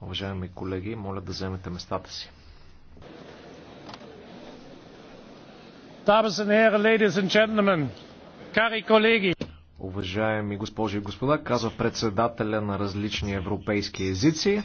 Уважаеми колеги, моля да вземете местата си. Уважаеми госпожи и господа, казва председателя на различни европейски езици.